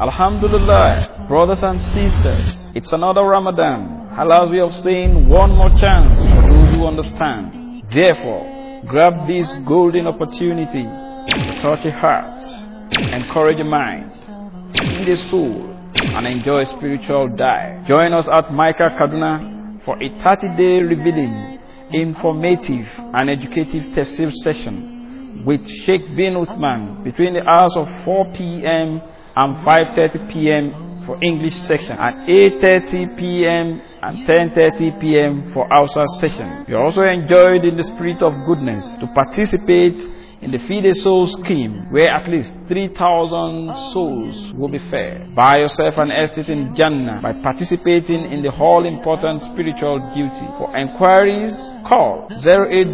Alhamdulillah, brothers and sisters, it's another Ramadan. Allah's we have seen one more chance for those who understand. Therefore, grab this golden opportunity to touch your hearts, encourage your mind, feed a soul, and enjoy a spiritual dive. Join us at Micah Kaduna for a 30 day revealing, informative, and educative tafsir session with Sheikh bin Uthman between the hours of 4 p.m and 5:30 p.m. for English section, and 8:30 p.m. and 10:30 p.m. for Hausa session. You are also enjoyed in the spirit of goodness to participate in the Feed a Soul scheme, where at least 3,000 souls will be fed. Buy yourself an estate in Jannah by participating in the all important spiritual duty. For inquiries, call 080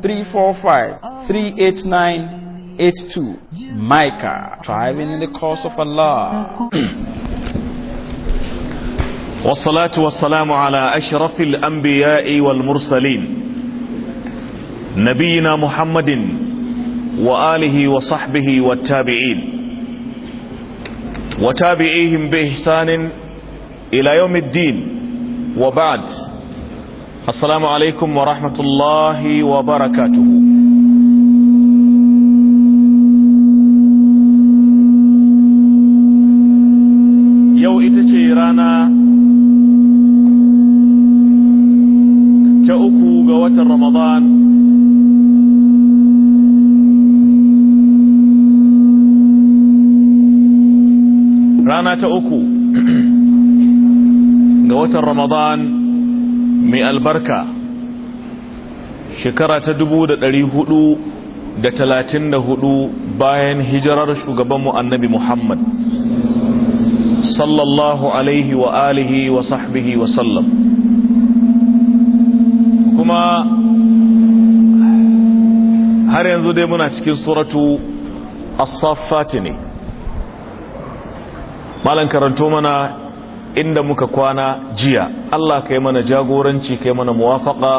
345 389 1882 Micah Thriving in the cause of Allah والصلاة والسلام على أشرف الأنبياء والمرسلين نبينا محمد وآله وصحبه والتابعين وتابعيهم بإحسان إلى يوم الدين وبعد السلام عليكم ورحمة الله وبركاته ramadan mai albarka shekara ta dubu da da hudu talatin hudu bayan hijirar shugabanmu annabi muhammad sallallahu alaihi wa alihi wa sallam kuma har yanzu dai muna cikin suratu as-saffat ne malan karanto mana inda muka kwana jiya Allah kai mana jagoranci kai mana muwafaka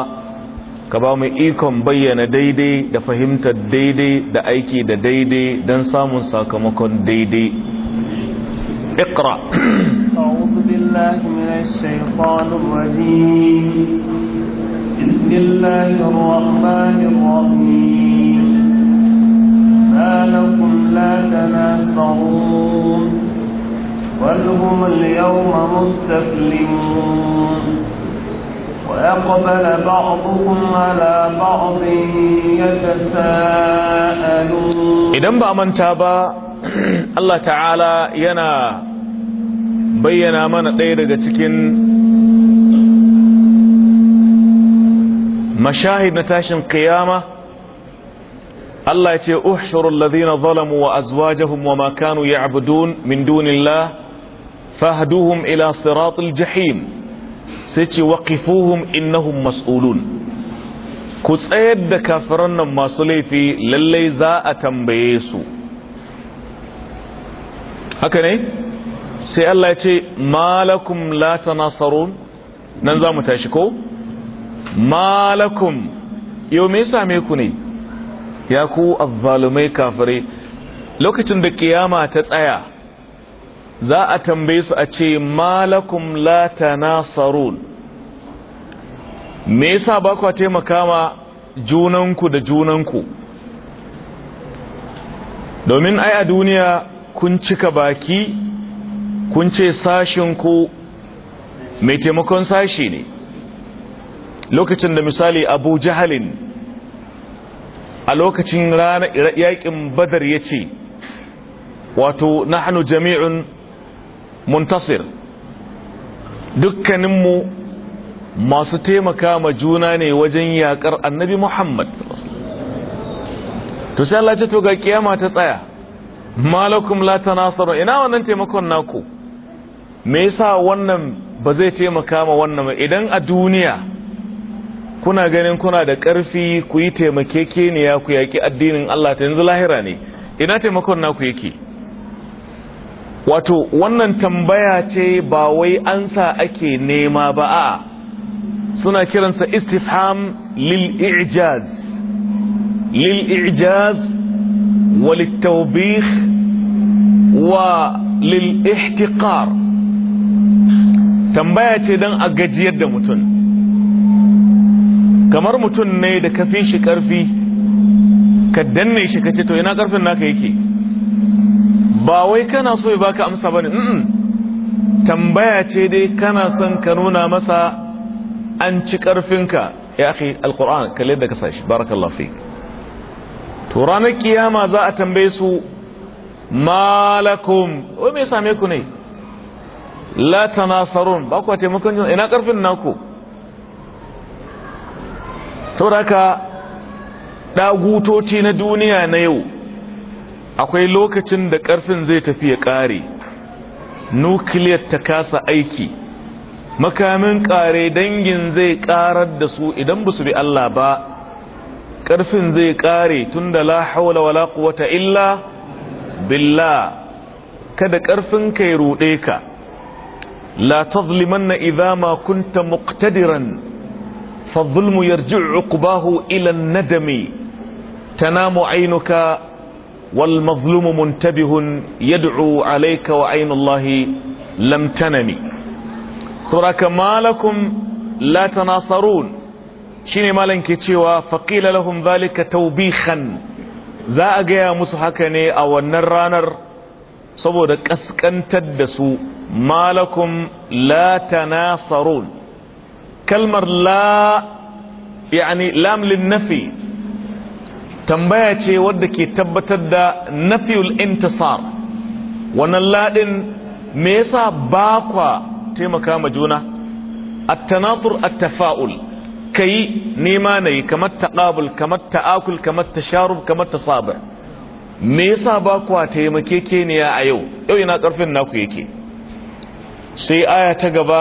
ka ba mu ikon bayyana daidai da fahimtar daidai da aiki da daidai don samun sakamakon daidai Ikra. هم اليوم مستسلمون ويقبل بعضهم على بعض يتساءلون إذا بقى من تابا الله تعالى ينا بينا من قيد قتكين مشاهد نتاشن قيامة الله يتي احشر الذين ظلموا وازواجهم وما كانوا يعبدون من دون الله fahduhum ila siratul jahim sai ce waqifuhum innahum mas'ulun ku tsayar da kafiran nan masu laifi lallai za a tambaye su haka ne sai Allah ya ce malakum la tanasarun nan za mu tashi ko malakum yau me same ku ne ya ku azzalumai kafirai lokacin da kiyama ta tsaya za a tambaye su a ce malakum la tanasarun me yasa ba ku taimaka ma junanku da junanku domin ai a duniya kun cika baki kun ce sashinku mai taimakon sashi ne lokacin da misali abu jahalin a lokacin ranar yaƙin badar ya ce wato na hannu jami'un muntasir dukkaninmu masu taimaka ma juna ne wajen yakar annabi muhammad to sai Allah ce to ga kiyama ta tsaya malakum la tanasaru ina wannan taimakon naku me yasa wannan ba zai taimaka ma wannan ba idan a duniya kuna ganin kuna da ƙarfi ku yi taimakekeniya ku yaƙi addinin Allah ta yanzu lahira ne ina taimakon naku yake wato wannan tambaya ce ba wai ansa ake nema ba a suna kiransa istifham lil i'jaz lil i'jaz wal tawbikh wa lil ihtiqar tambaya ce dan a gajiyar da mutum kamar mutum ne da kafin shi karfi ka danne shi kace to ina karfin naka yake ba wai kana so ya baka amsa bane mm tambaya ce dai kana son ka nuna masa an ci karfinka ya akhi alquran kalle da ka sashi barakallahu fik to ranar kiyama za a tambaye su malakum wai me same ku ne la tanasarun ba ku taimakon juna ina karfin naku saboda ka dagutoci na duniya na yau akwai lokacin da ƙarfin zai tafi ya ƙare nukiliyar ta kasa aiki makamin ƙare dangin zai ƙarar da su idan ba su bi Allah ba ƙarfin zai ƙare tun da la haula wala illa billa kada ƙarfin kai ruɗe ka la na izama ma kunta muktadiran fa adh-dhulmu yarji'u uqbahu ila an-nadami tanamu 'aynuka والمظلوم منتبه يدعو عليك وعين الله لم تنمي سوراك ما لكم لا تناصرون شيني مالن كيتشيوا فقيل لهم ذلك توبيخا za a gaya musu haka ne a wannan ranar saboda ƙasƙantar da su malakum la tanasarun kalmar la yani lam tambaya ce wadda ke tabbatar da nafiul intisar wannan ladin me yasa ba kwa taimaka ma juna at-tanatur at-tafa'ul kai nema nayi kamar taqabul kamar ta'akul kamar tasharub kamar tasabur me yasa ba kwa taimakekeniya a yau yau ina karfin naku yake sai aya ta gaba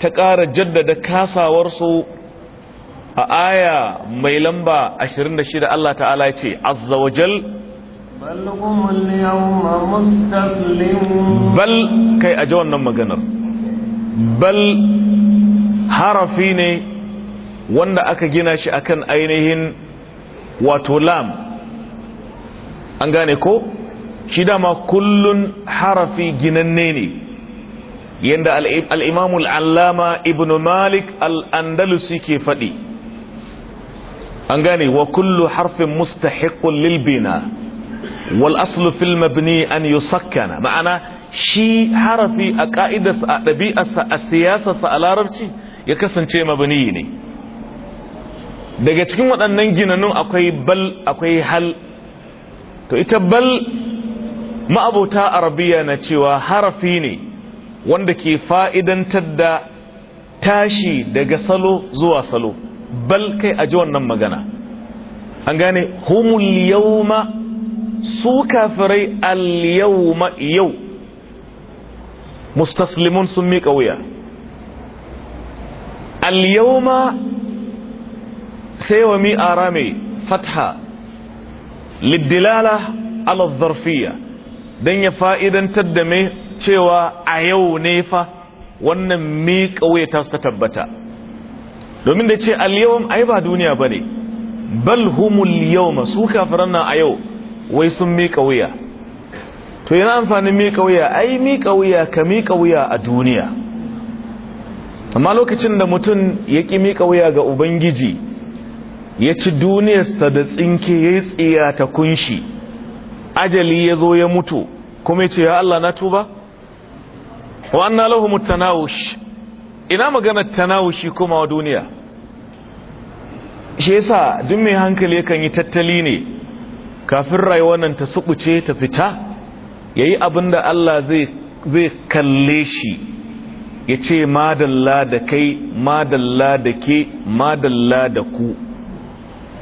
ta ƙara jaddada kasawarsu a aya mai lamba 26 Allah ta'ala ya ce azza wajal bal kai a ji wannan maganar bal harafi ne wanda aka gina shi akan ainihin wato lam an gane ko shi dama kullun harafi ginanne ne yadda al'imamul allama ibn malik Al-Andalusi ke faɗi an gane wa kullu harfin mustahiqun lil bina wal aslu fil mabni an yusakkana ma'ana shi harafi a ka'idarsa a ɗabi'arsa a siyasarsa a larabci ya kasance mabni ne daga cikin waɗannan ginanun akwai bal akwai hal to ita bal ma'abota arabiya na cewa harafi ne wanda ke fa'idantar da tashi daga salo zuwa salo bal kai a ji wannan magana an gane humul yawma su kafirai al yawma yau mustaslimun sun mi wuya al yawma sai wa mi arame fatha liddilala ala zarfiya Dan ya fa'idantar da cewa a yau ne fa wannan miƙa wuya su ta tabbata domin da ce al yawon ai ba duniya bane bal humul yawma su kafiran nan a yau wai sun mika wuya to yana amfanin mika wuya ai mika wuya ka mika wuya a duniya amma lokacin da mutum ya ki mika wuya ga ubangiji ya ci duniyarsa da tsinke ya yi tsiya ta kunshi ajali ya zo ya mutu kuma ya ce ya Allah na tuba wa anna lahu mutanawush ina magana tanawushi kuma wa duniya shi yasa duk mai hankali yakan yi tattali ne kafin rayuwar nan ta subuce ta fita yayi abinda Allah zai zai kalle shi yace madalla da kai madalla da ke madalla da ku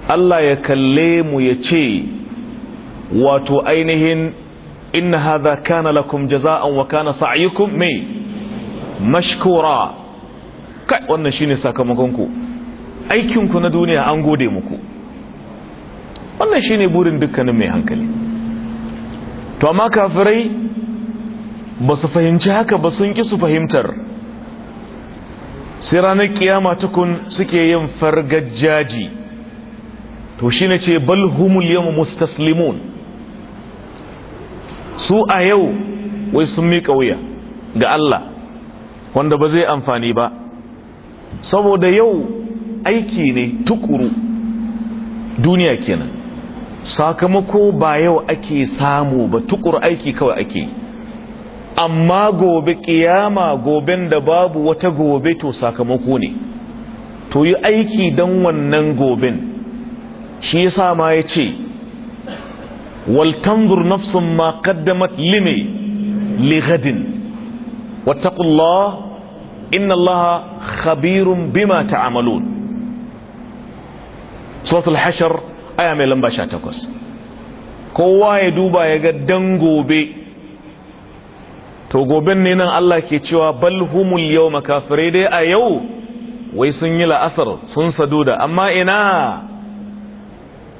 Allah ya kalle mu yace wato ainihin inna hadha kana lakum jaza'an wa kana sa'yukum mai mashkura kai wannan shine sakamakonku aikinku na duniya an gode muku wannan shine burin dukkanin mai hankali to amma kafirai ba su fahimci haka ba sun ki su fahimtar sai ranar kiyama tukun suke yin fargajaji to shine ce bal humul yawm mustaslimun su a yau wai sun miƙa wuya ga Allah wanda ba zai amfani ba saboda yau aiki ne tukuru duniya kenan sakamako ba yau ake samu ba tukuru aiki kawai ake amma gobe kiyama goben da babu wata gobe to sakamako ne to yi aiki don wannan goben shi yasa ma ya ce waltanzur nafsun ma kaddamat lime wata wattaqullah inna allaha khabirun bima ta'amalun suratul hashr aya mai lamba 18 kowa ya duba ya ga dan gobe to goben ne nan Allah ke cewa bal humul yawma kafire dai a yau wai sun yi la'asar sun saduda amma ina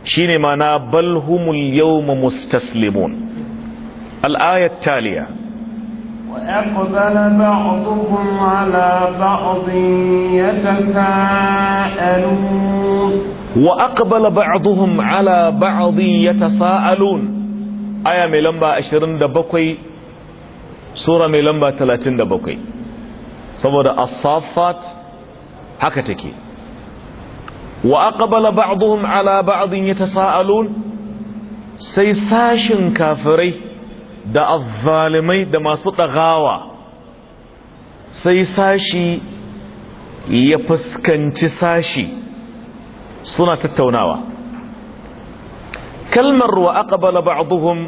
shine mana bal humul yawma mustaslimun al-ayat taliya وأقبل بعضهم على بعض يتساءلون وأقبل بعضهم على بعض يتساءلون aya mai lamba 27 sura mai lamba 37 saboda as-saffat haka take wa aqbala ba'dhum ala ba'dhin yatasaalun sai sashin kafirai da azzalimai da masu ɗagawa sai sashi ya fuskanci sashi suna tattaunawa kalmar wa aqbala ba'dhum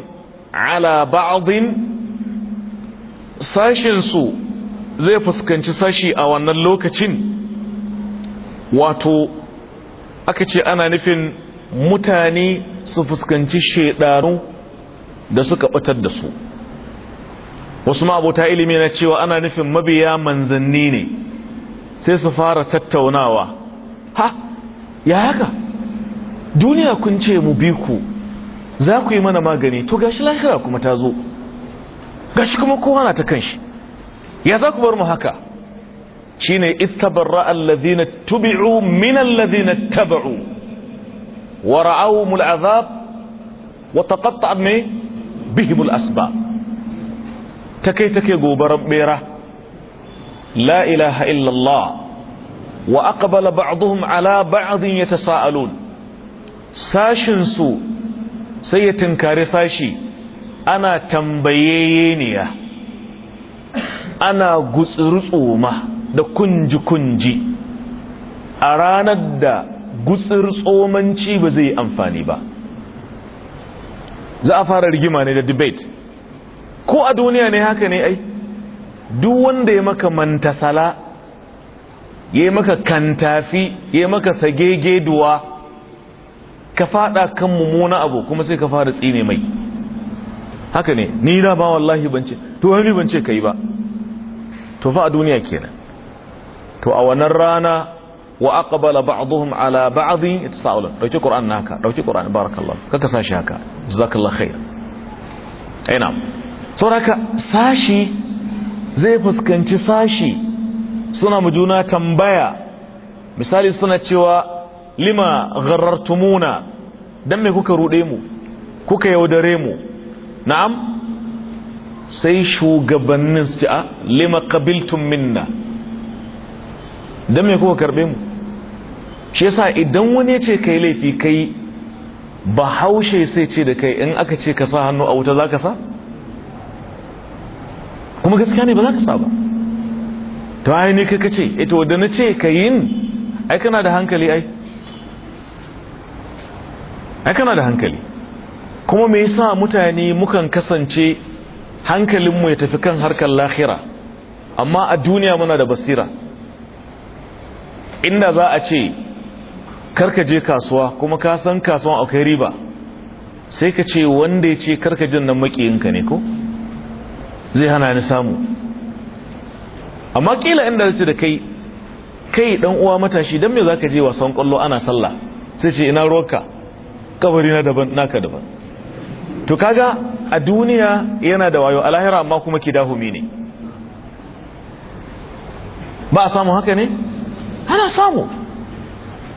ala ba'dhin sashin su zai fuskanci sashi a wannan lokacin wato aka ce ana nufin mutane su fuskanci shedanu da suka batar da su wasu ma'abota ilimi na cewa ana nufin mabiya manzanni ne sai su fara tattaunawa ha ya haka duniya kun ce mu bi ku za ku yi mana magani to gashi lahira kuma ta zo gashi kuma kowa na ta kanshi ya za ku bar mu haka shine ittabarra alladhina tubi'u min alladhina taba'u wa ra'awmul azab wa taqatta'at bihimul asba ta kai take gobarar bera la ilaha illallah wa aqbala ba'dhum ala ba'dhin yatasaalun sashin su sai ya tinkari sashi ana tambayeyeniya ana gutsurtsoma da kunji-kunji a ranar da gutsurtsomanci ba zai amfani ba za a fara rigima ne da debate ko a duniya ne haka ne ai duk wanda ya maka mantasala ya yi maka kantafi ya yi maka sagegeduwa ka fada kan mummuna abu kuma sai ka fara tsine mai haka ne ni da ba wallahi bance to wani bance kai ba to fa a duniya kenan to a wannan rana wa aqbala ba'dhum ala ba'd yatasaalun dauki qur'an naka dauki qur'an barakallahu kaka sashi haka jazakallahu khair aina eh, sauraka sashi zai fuskanci sashi suna mu tambaya misali suna cewa lima gharartumuna dan me kuka rude mu kuka yaudare mu na'am sai shugabannin su ce a ah, lima qabiltum minna dan me kuka karbe mu shi yasa idan wani ya ce kai laifi kai ba haushe sai ce da kai in aka ce ka sa hannu a wuta za ka sa kuma gaskiya ne ba za ka sa ba ta wani ne kaka ce ita eh wadda na ce ka yin ai kana da hankali ai ai kana da hankali kuma me yasa mutane mukan kasance hankalinmu ya tafi kan harkar lahira amma a duniya muna da basira inda za a ce karka je kasuwa kuma ka san kasuwan akwai riba sai ka ce wanda ya ce karka jin nan makiyinka ne ko zai hana ni samu amma kila inda zai da kai kai dan uwa matashi dan me zaka je wasan kwallo ana sallah sai ce ina ruwanka kabari na daban naka daban to kaga a duniya yana da wayo a lahira amma kuma ki dahumi ne ba a samu haka ne ana samu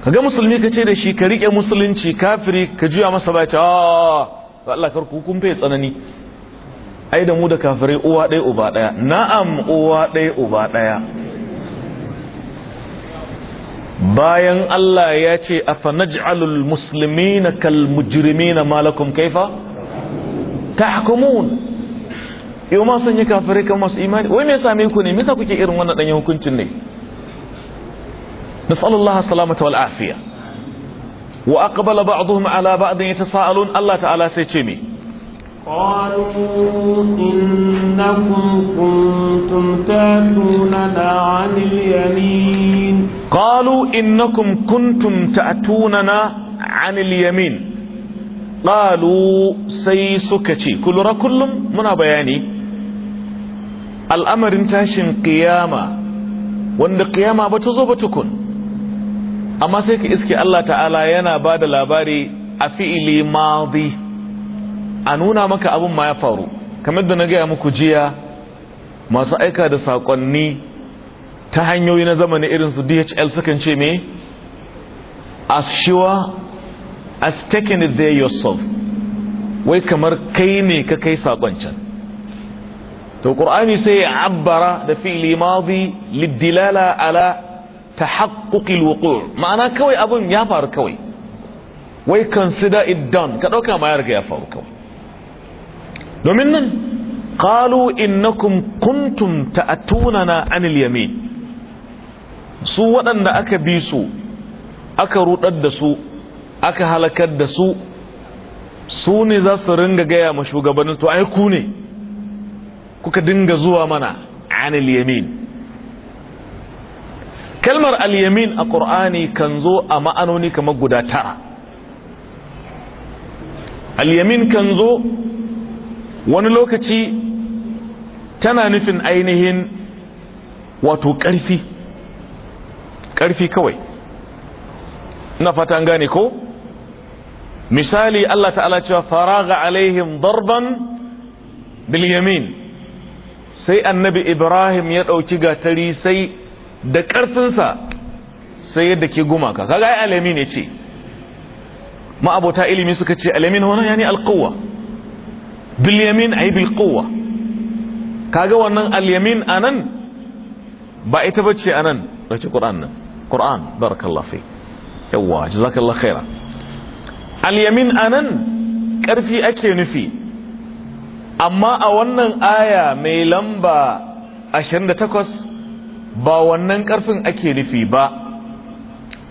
kaga musulmi ka ce da shi ka riƙe musulunci kafiri ka juya masa ba ce ba ah, Allah karku kun fai tsanani ai da mu da kafirai uwa ɗaya uba ɗaya na'am uwa ɗaya uba ɗaya bayan Allah ya ce afanaj'alul muslimina kal mujrimina malakum kaifa tahkumun yau ma sun yi kafirai kan masu imani wai me same ku ne me kuke irin wannan ɗanyen hukuncin ne نسأل الله السلامة والعافية وأقبل بعضهم على بعض يتساءلون الله تعالى سيتمي قالوا إنكم كنتم تأتوننا عن اليمين قالوا إنكم كنتم تأتوننا عن اليمين قالوا سيسكتي كل ركل منا بياني الأمر انتهش قيامة وان قيامة بتزوبتكن amma sai ka iske Allah ta'ala yana ba da labari a fi'ili madi a nuna maka abin ma ya faru kamar da na gaya muku jiya masu aika da saƙonni ta hanyoyi na zamani irin su dhl sukan ce me as sure as taken it there yourself wai kamar kai ne ka kai saƙon can to ƙur'ani sai ya abbara da fi'ili madi liddilala ala تحقق الوقوع ma'ana kawai abun ya faru kawai wai consider it done ka dauka ma ya riga ya faru kawai domin nan qalu innakum kuntum ta'tunana anil yamin su waɗanda aka bi su aka rudar da su aka halakar da su su ne za su ringa gaya ma shugabannin to ai ku ne kuka dinga zuwa mana anil yamin kalmar al-yamin a ƙur'ani kan zo a ma'anoni kamar guda tara al-yamin kan zo wani lokaci tana nufin ainihin wato ƙarfi ƙarfi kawai na fata an gane ko misali Allah ta'ala cewa faraga alaihim darban bil yamin sai annabi Ibrahim ya ɗauki gatari sai da ƙarfinsa sai yadda ke gumaka kaga ai alami ya ce ma'abota ilimi suka ce na wannan yani alƙawa bil yamin ay bil quwa kaga wannan al yamin anan ba ita bace anan bace qur'an nan qur'an barakallahu fi yawa jazakallahu khaira al yamin anan ƙarfi ake nufi amma a wannan aya mai lamba 28 ba wannan karfin ake nufi ba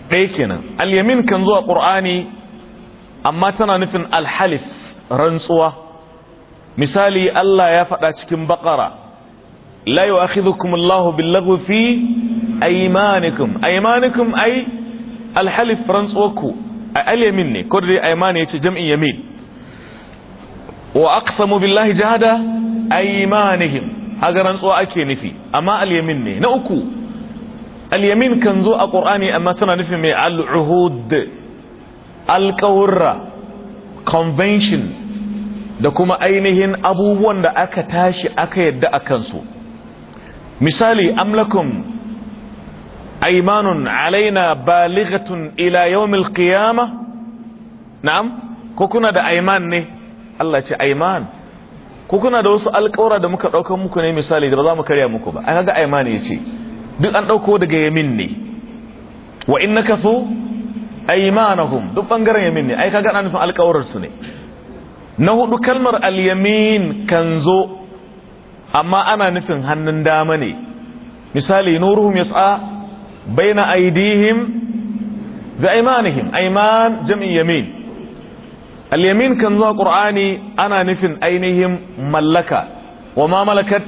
ɗaya kenan alyamin kan zuwa ƙur'ani amma tana nufin alhalif rantsuwa misali Allah ya faɗa cikin baƙara la yi wa akhidukum Allah billahu fi aimanikum aimanikum ai alhalif rantsuwarku a alyamin ne ko da aimani ya ce jam'in yamin wa aqsamu billahi jahada aimanihim haga rantsuwa ake nufi amma alyamin ne na uku alyamin kan zo a qur'ani amma tana nufin mai al'uhud alƙawurra convention da kuma ainihin abubuwan da aka tashi aka yadda a kansu misali amlakum aimanun alaina balighatun ila yawmil qiyamah na'am ko kuna da aiman ne Allah ce aiman ko kuna da wasu alƙawura da muka ɗaukar muku ne misali da ba za mu karya muku ba an ga aimani ya ce duk an ɗauko daga yamin ne wa in na kafo aimanahum duk ɓangaren yamin ne ai ka gana nufin alƙawararsu ne na hudu kalmar alyamin kan zo amma ana nufin hannun dama ne misali nuruhum yas'a baina aydihim bi aymanihim ayman jam'i yamin al-yamin kan zuwa qur'ani ana nufin ainihin mallaka wa ma malakat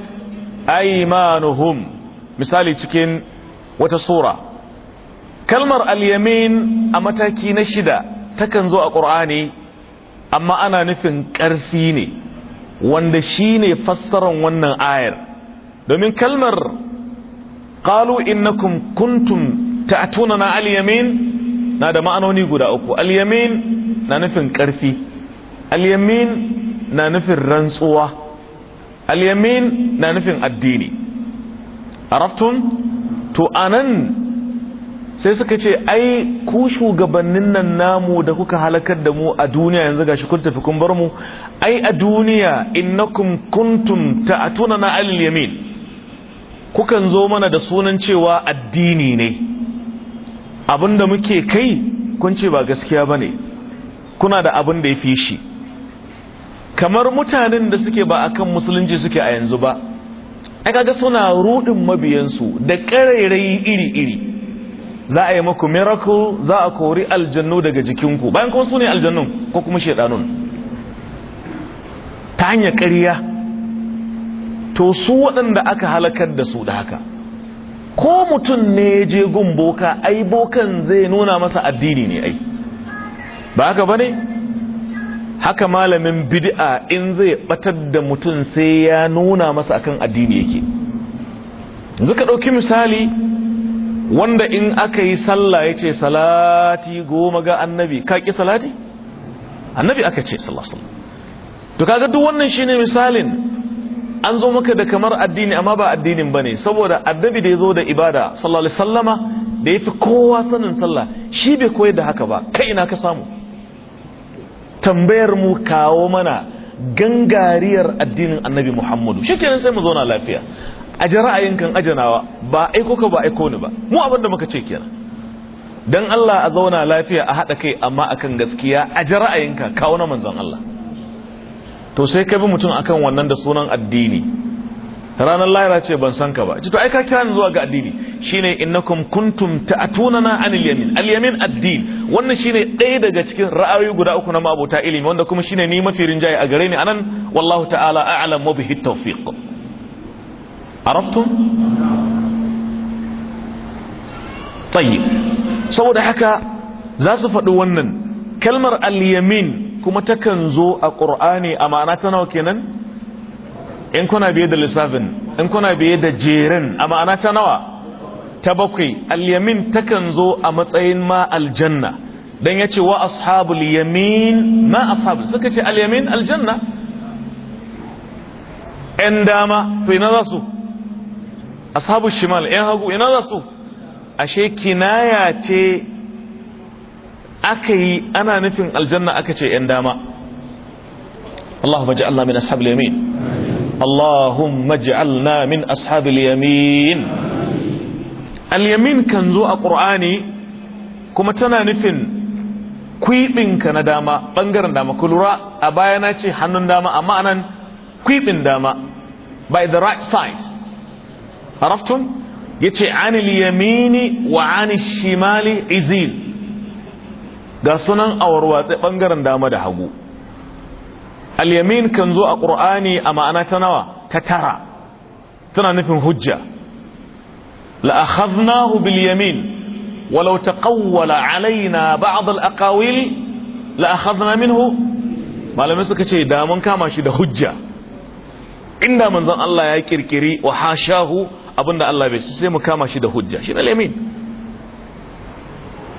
aymanuhum misali cikin wata sura kalmar al-yamin a mataki na shida takan zo a qur'ani amma ana nufin ƙarfi ne wanda shine fassaran wannan ayar domin kalmar qalu innakum kuntum ta'tunana al-yamin na da ma'anoni guda uku al-yamin na nufin ƙarfi alyamin na nufin rantsuwa alyamin na nufin addini araftun to anan sai suka ce ai ku shugabannin nan namu da kuka halakar da mu a duniya yanzu gashi kun tafi kun bar mu ai a duniya innakum kuntum ta'atuna na alil yamin kukan zo mana da sunan cewa addini ne abinda muke kai kun ce ba gaskiya bane kuna da abin da ya fi shi kamar mutanen da suke ba akan musulunci suke a yanzu ba ai kaga suna rudin mabiyansu da karairayi iri-iri za a yi maku miracle za a kori aljannu daga jikinku bayan kuma su ne aljannun ko kuma shedanun ta hanyar ƙarya to su waɗanda aka halakar da su da haka ko mutum ne ya je gun boka ai bokan zai nuna masa addini ne ai ba haka bane haka malamin bid'a in zai batar da mutum sai ya nuna masa akan addini yake yanzu ka ɗauki misali wanda in aka yi sallah ya ce salati goma ga annabi ka ƙi salati annabi aka ce sallasal to kaga duk wannan shine misalin an zo maka da kamar addini amma ba addinin ba ne saboda addabi da ya zo da ibada sallallahu alaihi sallama da ya fi kowa sanin sallah shi bai koyar da haka ba kai ina ka samu tambayar mu kawo mana gangariyar addinin annabi muhammadu kenan sai mu zauna lafiya a ji ra'ayin kan ajanawa ba aiko ka ba aiko ni ba mu abin da muka ce kenan dan Allah a zauna lafiya a haɗa kai amma akan gaskiya a ji ra'ayin ka kawo na manzon Allah to sai ka bi mutum akan wannan da sunan addini ranar lahira ce ban san ka ba to ai ka kira ni zuwa ga addini shine innakum kuntum ta'tunana anil yamin al yamin addin wannan shine ɗaya daga cikin ra'ayoyi guda uku na mabuta ilimi wanda kuma shine ni mafi rinjaye a gare ni anan wallahu ta'ala a'lam wa bihi tawfiq araftum tayyib saboda haka za su faɗi wannan kalmar al yamin kuma takan zo a qur'ani a ma'ana ta nawa kenan in kuna biye da lissafin in kuna biye da jerin a ma'ana ta nawa ta bakwai alyamin yamin takan zo a matsayin ma aljanna dan yace wa ashabul yamin ma ashab suka ce alyamin aljanna ɗan dama to ina za su ashabu shimal ɗan hagu ina za su ashe kinaya ce aka yi ana nufin aljanna aka ce ‘yan dama Allah ba Allah min ashabul yamin Allahumma اللهم اجعلنا من أصحاب اليمين اليمين كان ذو قرآني كما تنا نفن kwibinka na dama ɓangaren dama ku a baya na ce hannun dama amma anan kwibin dama by the right side araftun yace anil yamini wa anil shimali izil da sunan awarwatsa ɓangaren dama da hagu alyamin kan zo a qur'ani a ma'ana ta nawa ta tara tana nufin hujja la akhadnahu bil yamin ولو تقول علينا بعض الأقاويل لأخذنا منه malamai suka ce da mun kama shi da hujja inda manzon Allah ya kirkiri wa hashahu abinda Allah bai sai mu kama shi da hujja shi alamin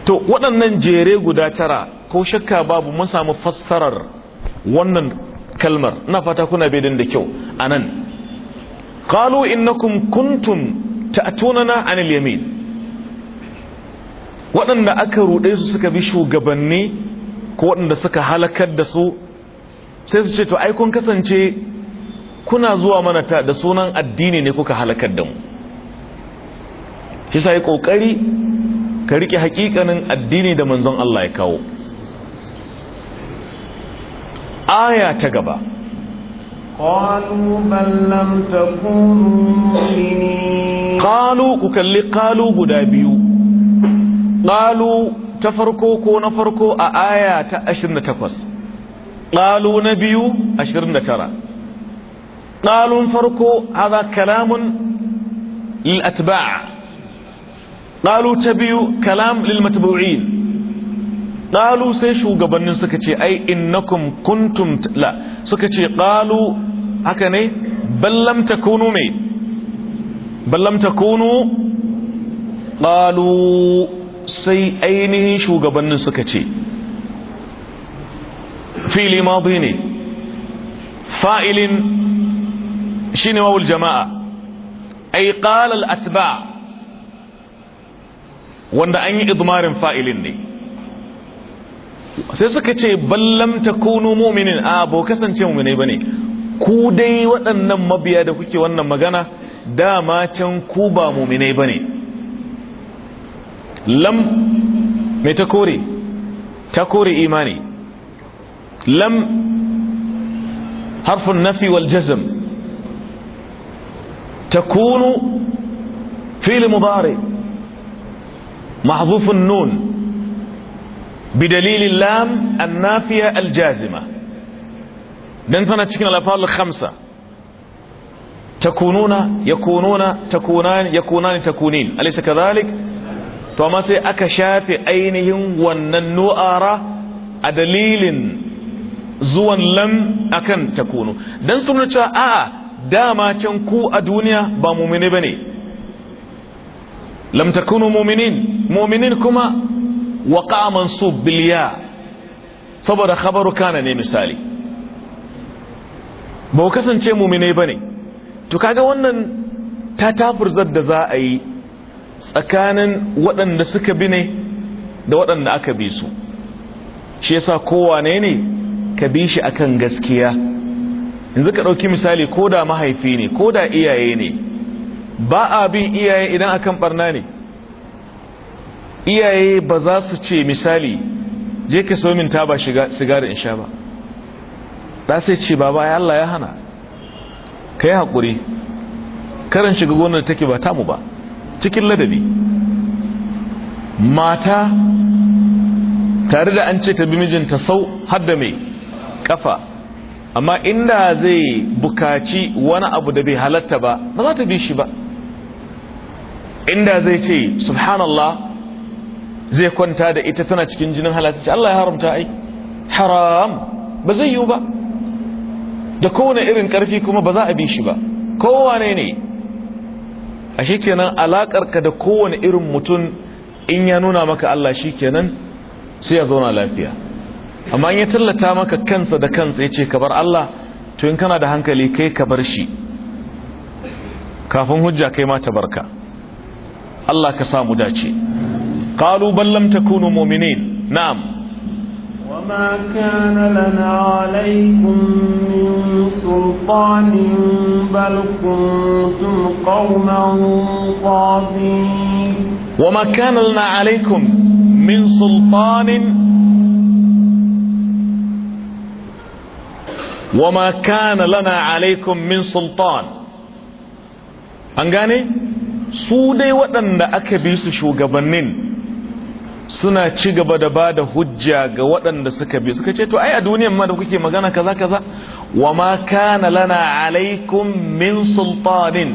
to waɗannan jere guda tara ko shakka babu mun samu fassarar wannan kalmar na fata kuna bedin da kyau a anan qalu innakum kuntum ta'tunana anil yamin waɗanda aka ruɗe su suka bi shugabanni ko waɗanda suka halakar da su sai su ce to ai kun kasance kuna zuwa mana ta da sunan addini ne kuka halakar da mu shi sai ƙoƙari ka riƙe hakikanin addini da manzon Allah ya kawo aya ta gaba قالوا بل لم تكونوا مؤمنين قالوا وكل قالوا غدا بيو قالوا تفرقوا كو نفرقوا آية 28 قالوا نبيو 29 قالوا فرقوا هذا كلام للأتباع قالوا تبيو كلام للمتبوعين qalu sai shugabannin suka ce ai innakum kuntum la suka ce qalu haka ne ballam ta kunu me ballam ta kunu qalu sai ainihin shugabannin suka ce fili madi ne fa'ilin shine wawul jama'a ai ƙalal al atba wanda an yi idmarin fa'ilin ne sai suka ce ballam takunu mu'minin a abu kasance ba ne. ku dai waɗannan mabiya da kuke wannan magana dama can ku ba mu'minai bane lam mai ta kore ta kore imani lam harfin nafi wal jazm takunu fi'l fili mubare nun بدليل اللام النافية الجازمة دنتنا تشكين الأفعال الخمسة تكونون يكونون تكونان يكونان تكونين أليس كذلك فما سي أكشاف أينهم وننوآرة أدليل zuwan lam akan takunu dan su nuna cewa a'a dama can ku a duniya ba mumine bane lam takunu muminin muminin kuma wa qaman biliya saboda khabaru kana ne misali ba ku kasance mumine bane to kaga wannan ta tafurzar da za a yi tsakanin waɗanda suka bi ne da waɗanda aka bi su shi yasa kowa ne ka bi shi akan gaskiya yanzu ka ɗauki misali ko da mahaifi ne ko da iyaye ne ba a bin iyaye idan akan barna ne iyaye ba za su ce misali je ka so min taba sigari in sha ba da sai ce baba ya Allah ya hana ka yi haƙuri karin shiga gonar take ba tamu ba cikin ladabi mata tare da an ce ta bi mijinta sau hadda mai kafa amma inda zai bukaci wani abu da bai halatta ba ba za ta bi shi ba inda zai ce subhanallah zai kwanta da ita tana cikin jinin halatta ce Allah ya haramta ai haram ba zai yiwu ba da kowane irin karfi kuma ba za a bi shi ba kowane ne a kenan alakarka da kowane irin mutum in ya nuna maka Allah shekenan sai ya zauna lafiya amma in ya tallata maka kansa da kansa ya ce ka bar Allah to in kana da hankali kai ka bar shi kafin hujja kai ma ta barka Allah ka samu dace قالوا بل لم تكونوا مؤمنين نعم وما كان لنا عليكم من سلطان بل كنتم قوما طاغين وما كان لنا عليكم من سلطان وما كان لنا عليكم من سلطان انغاني سودي ودن أكبيس شو aka suna ci gaba da bada hujja ga waɗanda suka bi suka ce to ai a duniyan ma da kuke magana kaza kaza wa ma kana lana alaikum min sultanin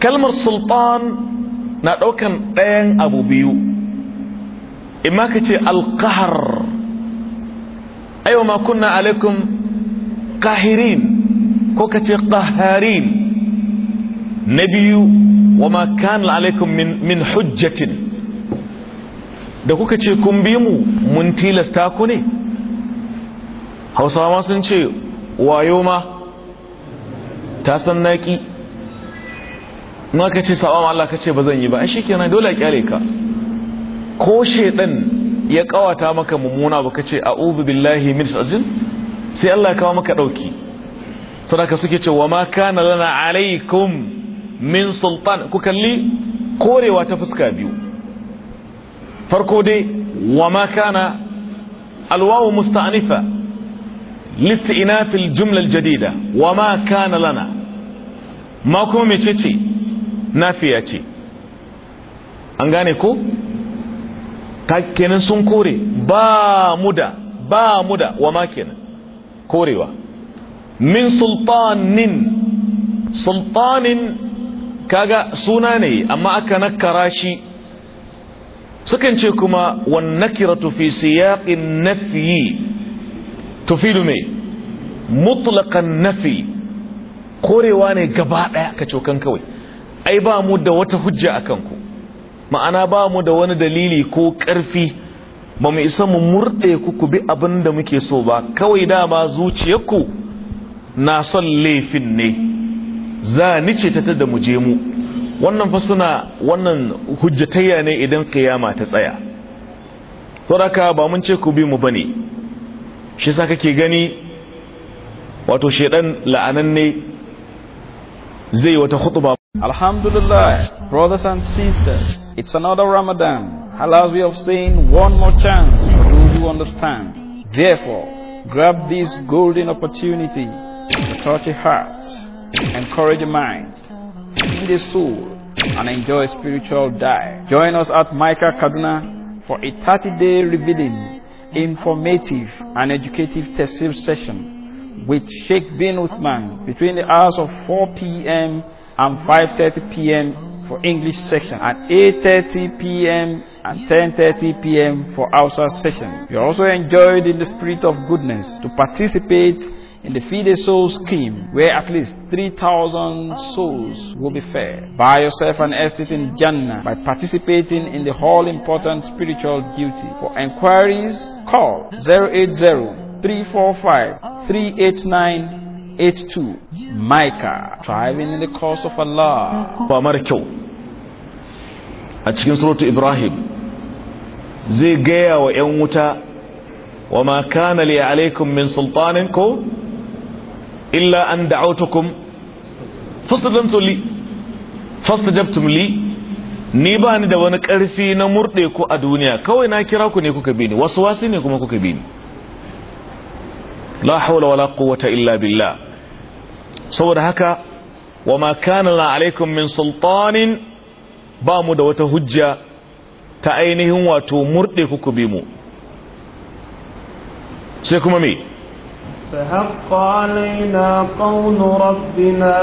kalmar sultan na ɗaukan ɗayan abu biyu imma ka ce alkahar aiwa ma kunna alaikum kahirin ko ka ce kaharin na biyu wa ma kana alaikum min hujjatin da kuka ce kun bi mu mun tilasta ku ne hausawa sun ce wayo ma ta san naki na ka ce sa'awa Allah ka ce ba zan yi ba shi kenan dole a kyale ka ko shedan ya kawata maka mummuna ba ka ce a'udhu billahi min shajin sai Allah ya kawo maka dauki sadaka suke ce wa ma kana lana alaikum min sultan ku kalli korewa ta fuska biyu farko dai wa ma kana alwawu musta'anifa listi'nafi aljumla aljadida wa ma kana lana ma kuma mecece nafiya ce an gane ko ta kenan sun kore ba muda ba muda wa makina korewa min sultanin sultanin kaga suna ne amma aka nakara shi sukan ce kuma wannakiratu fi siyaqin nafyi tufidu me mutlaqan nafi korewa ne gaba daya cokan kawai ai ba mu da wata hujja akan ku ma'ana ba mu da wani dalili ko ƙarfi ba mu isa mu murde ku ku bi abin da muke so ba kawai dama zuciyarku na son laifin ne za ni ce ta da mu je mu wannan fasuna wannan hujjatayya ne idan kiyama ta tsaya saboda ba mun ce ku bi mu bane shi sa kake gani wato shedan la'ananne zai wata khutba alhamdulillah brothers and sisters it's another ramadan allah's we have seen one more chance for you who understand therefore grab this golden opportunity to touch your hearts encourage your mind in the soul and enjoy spiritual diet. Join us at Micah Kaduna for a 30 day revealing, informative, and educative testing session with Sheikh bin Uthman between the hours of 4 p.m. and 5.30 p.m. for English section and 8.30 p.m. and 10.30 p.m. for Hausa session. You are also enjoyed in the spirit of goodness to participate in the Feed the Soul scheme, where at least 3,000 souls will be fed. Buy yourself an estate in Jannah by participating in the all important spiritual duty. For inquiries, call 080 345 389 82. Micah, thriving in the cause of Allah. A cikin suratu Ibrahim zai gaya wa ‘yan wuta wa ma kana li alaikum min sultanin ko illa an da'autukum fastajabtum li fastajabtum li ni ba ni da wani karfi na murde ku a duniya kawai na kira ku ne kuka bi ni wasu wasi ne kuma kuka bi ni la hawla wala quwwata illa billah saboda haka wama kana la alaikum min sultanin ba mu da wata hujja ta ainihin wato murde ku ku bi mu sai kuma me فحق علينا قول ربنا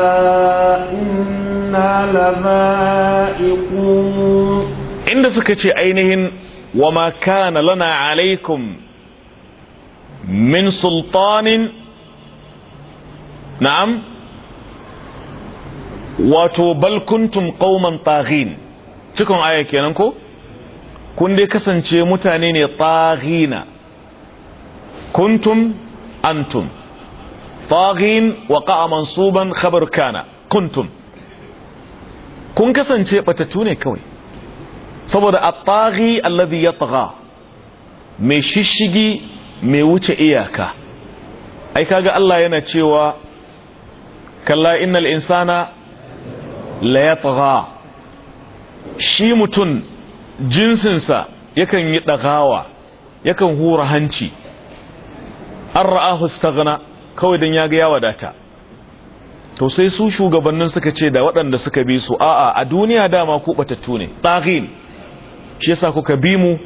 إنا لذائقون عند سكتي عينهم وما كان لنا عليكم من سلطان نعم wato bal kuntum qauman taghin cikon aya kenan ko kun dai kasance mutane ne taghina kuntum أنتم طاغين وقع منصوبا خبر كان كنتم kun kasance batattu ne kawai saboda a taghi alladhi yatgha mai shishigi mai wuce iyaka ai kaga Allah yana cewa kalla innal insana la yatgha shi mutum jinsinsa yakan yi dagawa yakan hura hanci an ra'ahu staghna kawai dan yaga ya wadata to sai su shugabannin suka ce da waɗanda suka bi su a'a a duniya dama ku batattu ne taghin shi yasa kuka bi mu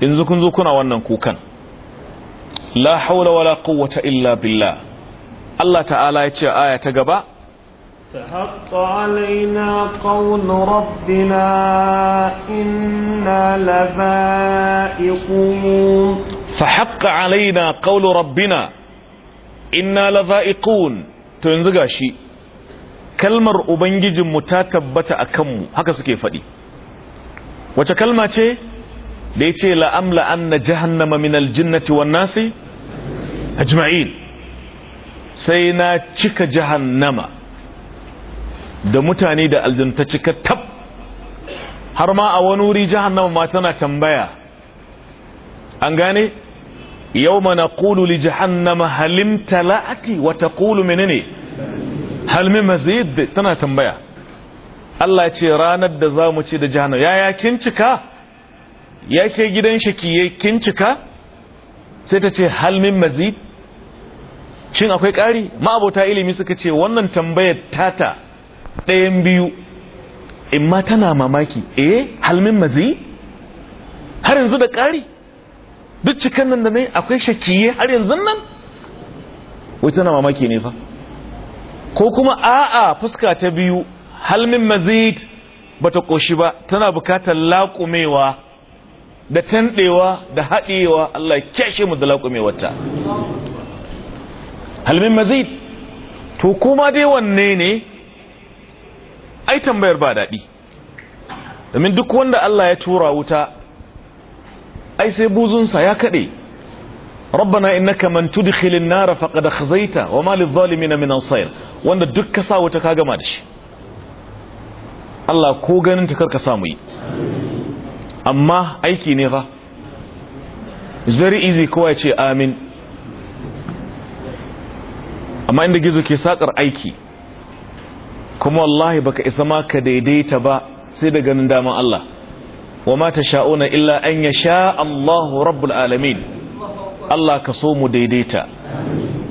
yanzu kun zo kuna wannan kukan la haula wala quwwata illa billah Allah ta'ala ya ce aya ta gaba فحق علينا قول ربنا إنا لذائقون فحق علينا قول ربنا إنا لذائقون تنزغى شيء kalmar ubangijinmu ta tabbata a kanmu haka suke faɗi wace kalma ce da ya ce la'amla an na jahannama min aljinnati wan nasi ajma'in sai na cika jahannama da mutane da aljanta cika tab har ma a wani wuri jahannama ma tana tambaya an gane yawma naqulu li jahannama halin talati wa taqulu menene hal min mazid tana tambaya Allah ce ranar da za mu ce da jahannama ya kin cika ya ke gidan shakiye kin cika sai ta ce hal min mazid shin akwai ƙari ma'abota ilimi suka ce wannan tambayar tata ɗayan biyu in ma tana mamaki eh halmin mazi har yanzu da ƙari duk cikin nan da nai akwai shakiye har yanzu nan wai tana mamaki ne fa ko kuma a'a fuska ta biyu halmin mazid bata ƙoshi ba tana bukatar laƙumewa da tanɗewa da haɗewa Allah ya kyashe mu da laƙumewarta halmin mazid to kuma dai wanne ne ai tambayar ba daɗi domin duk wanda Allah ya tura wuta ai sai buzunsa ya kaɗe rabbana innaka man tudkhilin nar faqad khazaita wa ma lidh min ansir wanda duk ka sa wuta ka gama da shi Allah ko ganin ta karka samu yi amma aiki ne fa very easy kowa ce amin amma inda gizo ke sakar aiki kuma wallahi baka isa ma ka daidaita ba sai da ganin daman Allah wa ma tasha'una illa an yasha Allahu rabbul alamin Allah ka so mu daidaita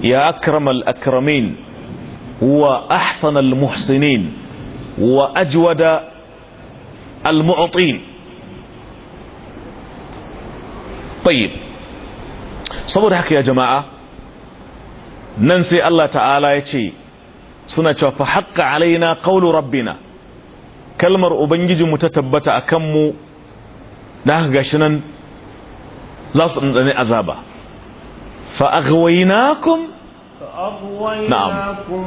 ya akramal akramin wa ahsanal muhsinin wa ajwada al mu'tin tayyib saboda haka ya jama'a nan sai Allah ta'ala ya ce suna cewa fa haqqa alaina qawlu rabbina kalmar Ubangiji mu ta tabbata akan mu dan haka gashi nan la su tsantsane azaba fa aghwaynakum فأغويناكم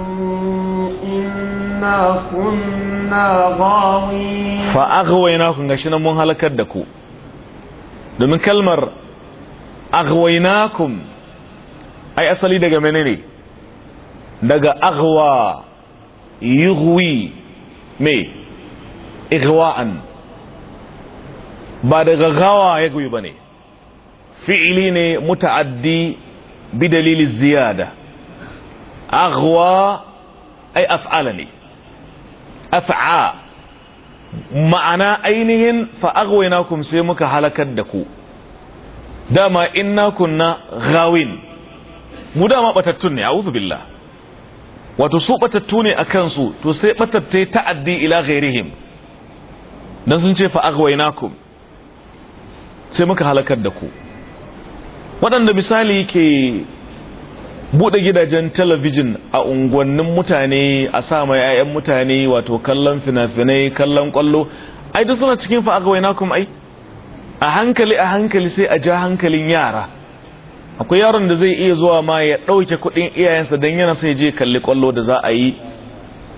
إنا كنا غاوين فأغويناكم mun من هلكت دكو domin kalmar aghwaynakum ai asali daga menene daga aghwa yughwi me igwa'an ba daga gawa ya guyi bane fi'li ne muta'addi bi dalili ziyada aghwa ay af'alani af'a ma'ana ainihin fa aghwaynakum sai muka halakar da ku dama inna kunna gawin mu dama batattun ne a'udhu billah wato su batattu ne a kansu to sai batattai ta'addi ila ghairihim dan sun ce fa aghwaynakum sai muka halakar da ku waɗanda misali ke buɗe gidajen talabijin a unguwannin mutane a sa mai 'ya'yan mutane wato kallon fina-finai kallon ƙwallo ai duk suna cikin fa aghwaynakum ai a hankali a hankali sai a ja hankalin yara akwai yaron da zai iya zuwa ma ya ɗauke kuɗin iyayensa don yana sai je kalli kwallo da za a yi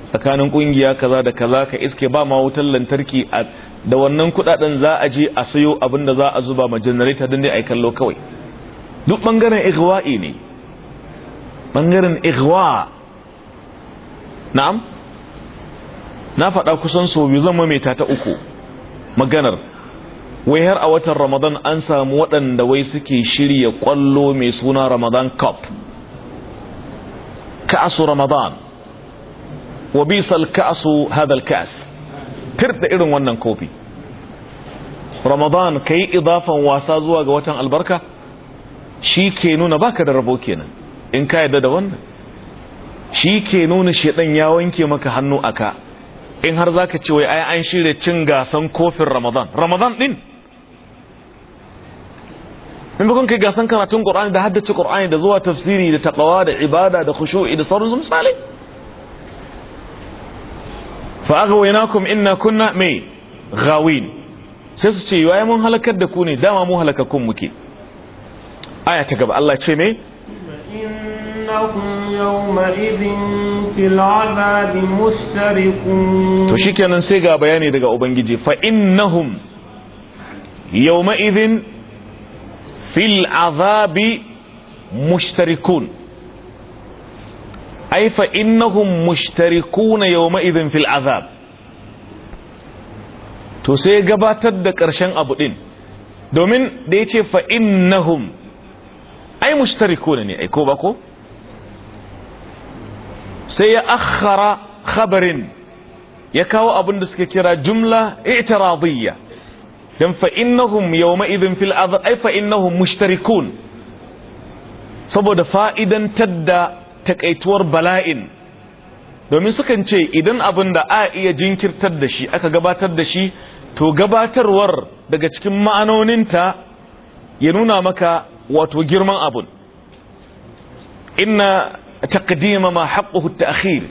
tsakanin ƙungiya kaza da kaza ka iske ba ma wutar lantarki da wannan kuɗaɗen za a je a sayo abin da za a zuba ma janareta don dai a yi kallo kawai duk ɓangaren igwa'i ne ɓangaren igwa na'am na faɗa kusan sau biyu zama mai ta uku maganar wai har a watan ramadan an samu waɗanda wai suke shirya ƙwallo mai suna ramadan cup ka'asu ramadan wa bisal ka'asu hadal ka'as tirda irin wannan kofi ramadan ka yi idafan wasa zuwa ga watan albarka shi ke nuna baka da rabo kenan in ka yadda da wannan shi ke nuna shaɗan ya wanke maka hannu aka in har zaka ce wai ai an shirya cin gasan kofin ramadan ramadan ɗin maimakon kai gasan karatun qur'ani da haddace qur'ani da zuwa tafsiri da taqwa da ibada da khushu'i da sauran misalai fa aghwaynakum inna kunna mai ghawin sai su ce waye mun halakar da ku ne dama mu halakakun muke aya ta gaba Allah ce mai إنهم يومئذ في to shikenan sai ga bayani daga ubangiji fa innahum yawma idhin في العذاب مشتركون أي فإنهم مشتركون يومئذ في العذاب تسي قبات الدكرشان أبو دين دومين ديتي فإنهم أي مشتركون يعني أي كوباكو سيأخر خبر يكاو أبو دسك كرا جملة اعتراضية dan fa innahum yawma idhin fil adhab ay fa innahum mushtarikun saboda fa'idan tadda takaituwar bala'in domin sukan ce idan abin da a iya jinkirtar da shi aka gabatar da shi to gabatarwar daga cikin ma'anoninta ya nuna maka wato girman abun inna taqdima ma haqquhu at-ta'khir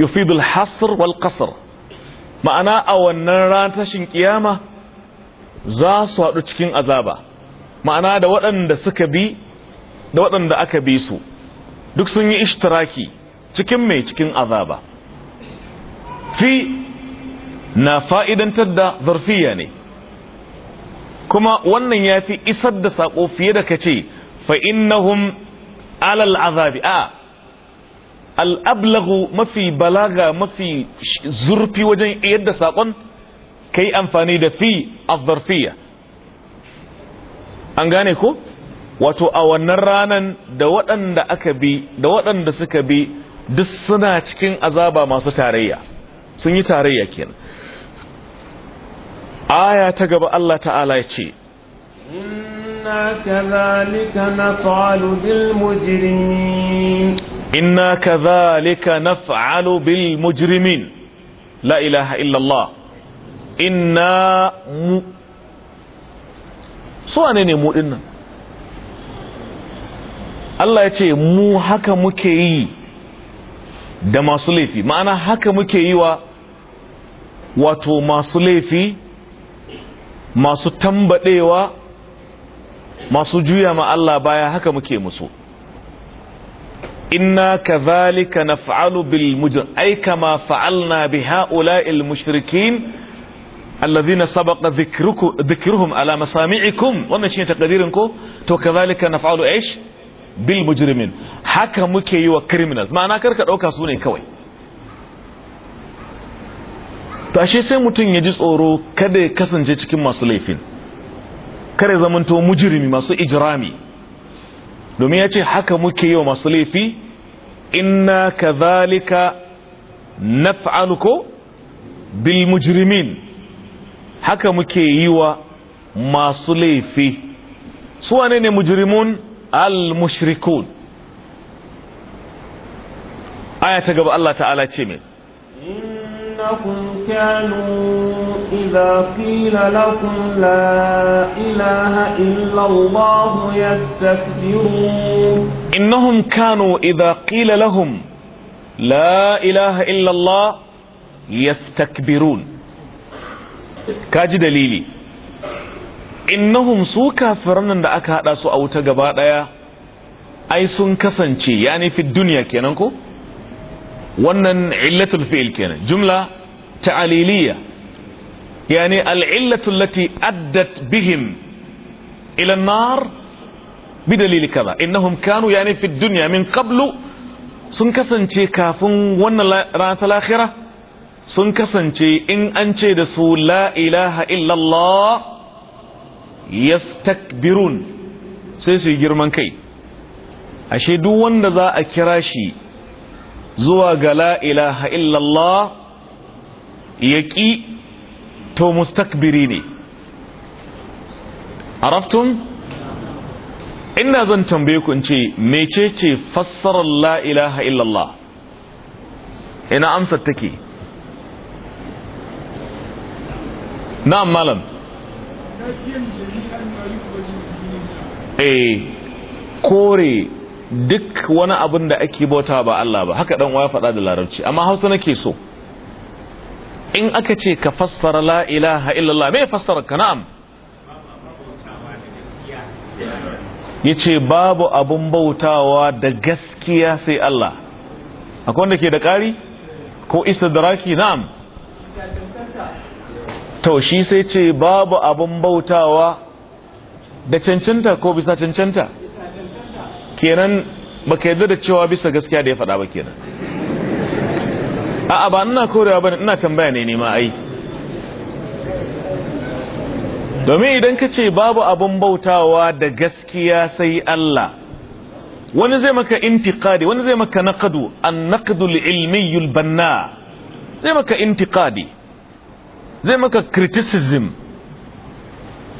yufidu al-hasr wal-qasr ma'ana a wannan ranar tashin kiyama za su haɗu cikin azaba ma'ana da waɗanda suka bi da waɗanda aka bi su duk sun yi ishtiraki cikin mai cikin azaba fi na fa'idantar da zarfiya ne kuma wannan ya fi isar da saƙo fiye da kace fa'innahun alal azabi a al'ablagu mafi balaga mafi zurfi wajen yadda saƙon ka yi amfani da fi azarfiya an gane ko wato a wannan ranan da waɗanda aka bi da waɗanda suka bi duk suna cikin azaba masu tarayya sun yi tarayya kenan aya ta gaba Allah ta'ala ya ce inna kadhalika naf'alu bil mujrimin inna kadhalika naf'alu bil mujrimin la ilaha illallah inna mu su wane ne mu nan? Allah ya ce mu haka muke yi da masu laifi ma'ana haka muke yi wa wato masu laifi masu tambadewa masu juya ma Allah baya haka muke musu inna kadhalika naf'alu bil mujrim ay kama fa'alna bi ha'ula'il mushrikin alladhina sabaqa dhikruhum ala masami'ikum wannan shine takdirin ko to kazalika naf'alu aish bil mujrimin haka muke yi wa criminals ma'ana karka dauka su ne kawai to ashe sai mutun ya ji tsoro kada ya kasance cikin masu laifin kare zamanto mujrimi masu ijrami domin yace haka muke yi wa masu laifi inna kadhalika ko bil mujrimin haka muke yi wa masu laifi su wane ne mujrimun al-mushrikun aya ta gaba Allah ta'ala ce mai إنكم كانوا إذا قيل لكم لا إله إلا الله يستكبرون إنهم كانوا إذا قيل لهم لا إله إلا الله يستكبرون kaji dalili innahum su kafiran da aka hada su a wuta gaba daya ai sun kasance yani fi duniya kenan ko wannan illatul fi'il kenan jumla ta'aliliya yani al allati addat bihim ila an-nar بدليل كذا إنهم كانوا يعني في الدنيا من sun kasance kafin wannan ranar lahira sun kasance in an ce da su la ilaha illallah yastakbirun sai su yi girman kai ashe duk wanda za a kira shi zuwa ga la ilaha illallah yaki to mustakbiri ne araftun ina zan tambaye ku ce mecece fassarar la ilaha illallah ina amsar take na'am malam eh kore duk wani abin da ake bauta ba Allah ba haka dan waya faɗa da larabci amma hausa nake so in aka ce ka fassara la ilaha illallah me fassara ka na'am yace babu abun bautawa da gaskiya sai Allah akwai wanda ke da ƙari ko istidraki na'am to shi sai ce babu abin bautawa da cancanta ko bisa cancanta kenan baka yadda da cewa bisa gaskiya da ya faɗa ba kenan a'a ba ina korewa ba ina tambaya ne nema ai domin idan ka ce babu abin bautawa da gaskiya sai Allah wani zai maka intikadi wani zai maka naqdu an naqdu al banna zai maka intikadi. zai maka criticism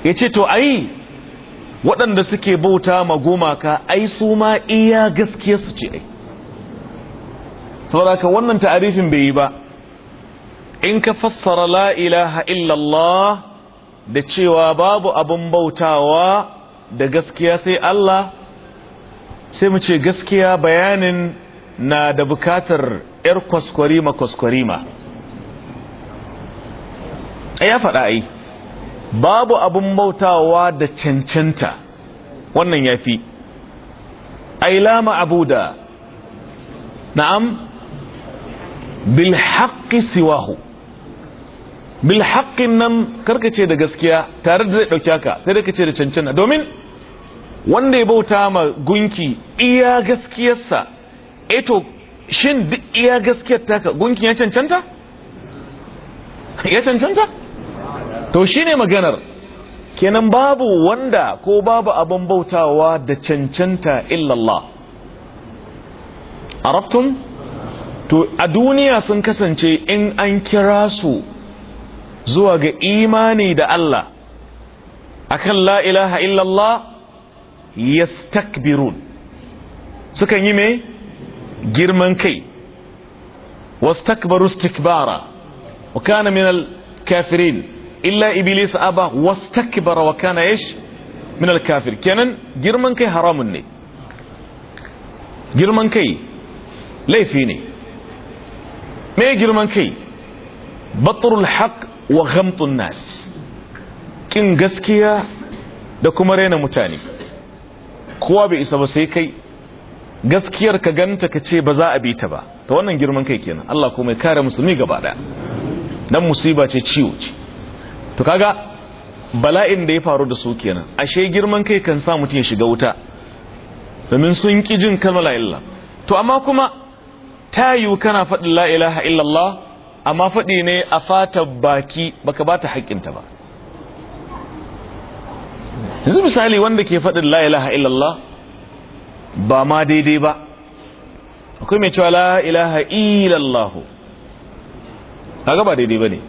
ya ce to ai waɗanda suke bauta ma gumaka ai su ma iya gaskiya su ce ai saboda ka wannan ta'arifin bai yi ba in ka fassara la ilaha illallah da cewa babu abin bautawa da gaskiya sai Allah sai mu ce gaskiya bayanin na da bukatar 'yar kwaskwarima kwaskwarima ya faɗa ai babu abun bautawa da cancanta wannan ya fi ailama abuda na'am bilhaƙi siwahu bilhaƙin nan ce da gaskiya tare da zai ɗauki haka sai da kace da cancanta domin wanda ya bauta ma gunki iya gaskiyarsa eto eh shin duk iya gaskiyar taka gunkin ya cancanta ya cancanta to shine maganar kenan babu wanda ko babu abin bautawa da cancanta illallah arabtum to a duniya sun kasance in an kira su zuwa ga imani da Allah akan la ilaha illallah yastakbirun sukan yi mai girman kai wastakbaru istikbara wa kana min al-kafirin illa iblis aba wastakbara wa kana ish min alkafir kenan girman kai haramun ne girman kai laifi ne me girman kai batrul haqq wa ghamtun nas kin gaskiya da kuma rena mutane kowa bai isa ba sai kai gaskiyar ka ganta ka ce ba za a bi ta ba ta wannan girman kai kenan Allah kuma ya kare musulmi gaba daya dan musiba ce ciwo ce to kaga bala'in da ya faru da su kenan ashe girman kai kan sa mutum ya shiga wuta domin sun ki jin kalmar la ilaha to amma kuma tayu kana faɗin la ilaha illallah amma faɗi ne a fata baki baka ba ta ta ba yanzu misali wanda ke faɗin la ilaha illallah ba ma daidai ba akwai mai cewa la ilaha illallah kaga ba daidai ba ne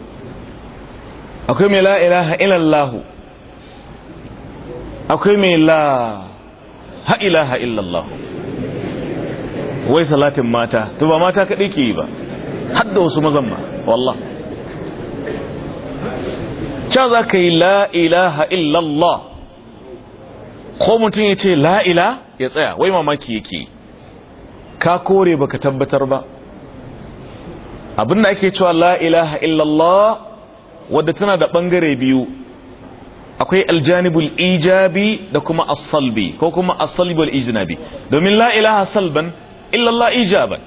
akwai mai la ilaha illallah akwai mai la ha ilaha illallah wai salatin mata to ba mata kaɗai ke yi ba hadda wasu mazan ma wallah can za ka yi la ilaha illallah ko mutum ya ce la ila ya tsaya wai mamaki yake ka kore baka tabbatar ba abinda ake cewa la ilaha illallah wadda tana da bangare biyu akwai aljanibul ijabi da kuma asalbi ko kuma asalibul ijnabi domin la ilaha salban la ijaban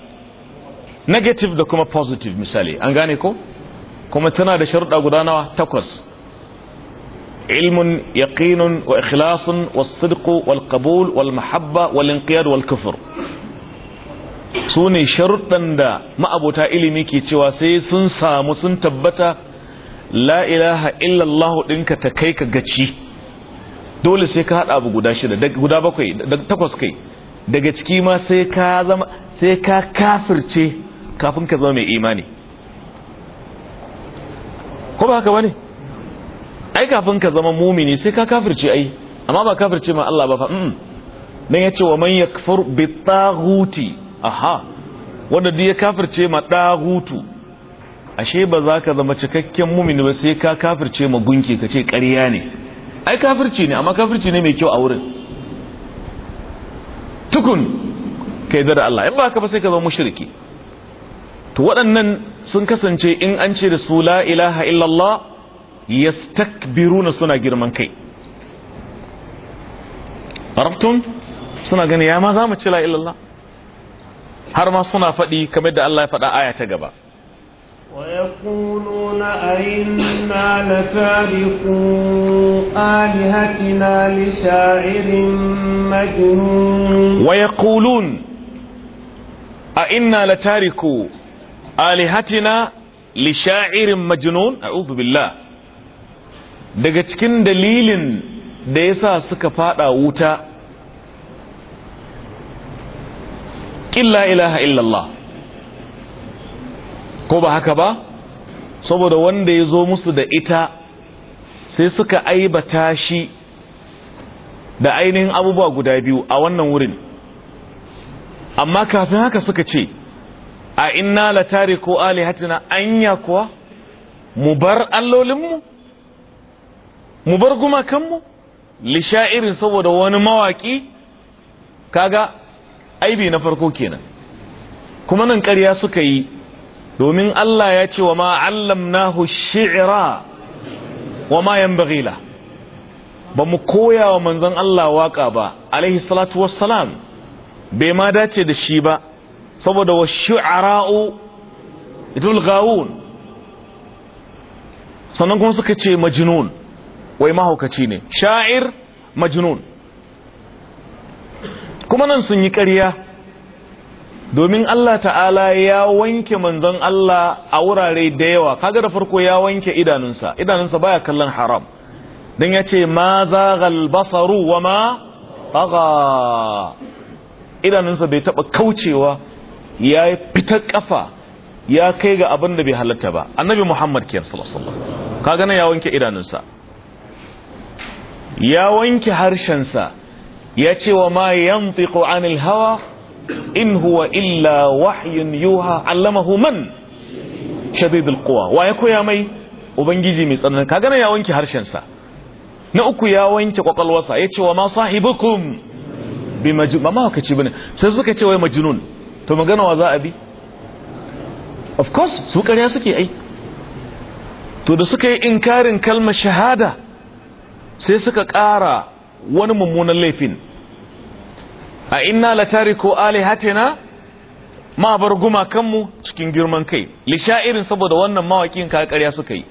negative da kuma positive misali an gane ko kuma tana da sharuɗa guda takwas ilmun yaqinun wa ikhlasun was-sidqu wal-qabul wal-mahabba wal-inqiyad wal-kufr sune sharuɗan da ma'abota ilimi ke cewa sai sun samu sun tabbata la ilaha illallah ɗinka ta kai ka gaci dole sai ka haɗa abu guda shida guda bakwai takwas kai daga ciki ma sai ka zama sai ka kafirce kafin ka zama mai imani ko ba haka bane ai kafin ka zama mumini sai ka kafirce ai amma ba kafirce ma Allah ba fa dan yace wa man yakfur bit taghuti aha wanda duk ya kafirce ma taghutu ashe ba za ka zama cikakken mumini ba sai ka kafirce ma gunki ka ce ƙarya ne ai kafirci ne amma kafirci ne mai kyau a wurin tukun ka yi da Allah in ba ka ba sai ka zama mushriki to waɗannan sun kasance in an ce da su la ilaha illallah yastakbiruna suna girman kai arabtun suna gani ya ma za mu ci la ilallah har ma suna faɗi kamar da Allah ya faɗa aya ta gaba ويقولون أئنا لتاركوا آلهتنا لشاعر مجنون ويقولون أئنا لتاركوا آلهتنا لشاعر مجنون أعوذ بالله daga cikin dalilin da yasa suka fada wuta illa ilaha illallah ko ba haka ba saboda wanda ya zo musu da ita sai suka aibata shi da ainihin abubuwa guda biyu a wannan wurin amma kafin haka suka ce a inna la tariku alihatina anya kuwa mu bar allolinmu mu bar gumakanmu lisha'irin saboda wani mawaki kaga aibi na farko kenan kuma nan ƙarya suka yi domin Allah ya ce wa ma allamnahu shi'ra wa ma yanbaghi ba mu koya wa manzon Allah waka ba alaihi salatu wassalam bai ma dace da shi ba saboda wa shu'ara'u idul gawun sannan kuma suka ce majinun. wai mahaukaci ne sha'ir majnun kuma nan sun yi ƙarya domin Allah ta'ala ya wanke manzon Allah a wurare da yawa kaga da farko ya wanke idanunsa idanunsa baya kallon haram dan ce ma zaghal basaru wa ma aga idanunsa bai taba kaucewa ya fita kafa ya kai ga abin da bai halatta ba annabi Muhammad kiyar sallallahu kaga na ya wanke idanunsa ya wanke harshensa ya ce wa ma yantiqu anil hawa in huwa illa wahyin yuha allamahu man shadidul quwa wa ya koya mai ubangiji mai tsananin kaga na ya wanke harshen sa na uku ya wanke kwakwalwarsa ya ce wa ma sahibukum bi majnun ba ma ka ci bane sai suka ce wai majnun to magana wa za a bi of course su kariya suke ai to da suka yi inkarin kalmar shahada sai suka kara wani mummunan laifin a inna latariku alihatina ma bar gumakanmu cikin girman kai lishairin saboda wannan mawakin ka suka yi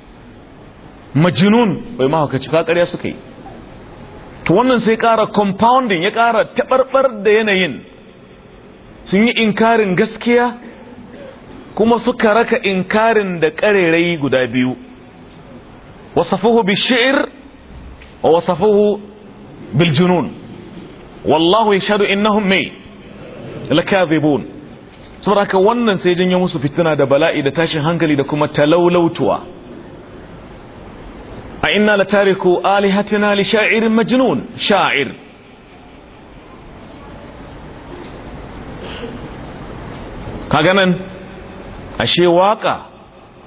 majnun bai mahaukaci ka suka yi to wannan sai ƙara compounding ya ƙara taɓarɓar da yanayin sun yi inkarin gaskiya kuma suka raka inkarin da ƙarerai guda biyu wasafuhu bi shi'ir wa wasafuhu bil wallahu yashhadu innahum may lakadhibun saboda haka wannan sai janyo musu fitina da bala'i da tashin hankali da kuma talaulautuwa a inna la tariku alihatina li sha'irin majnun sha'ir kaga nan ashe waka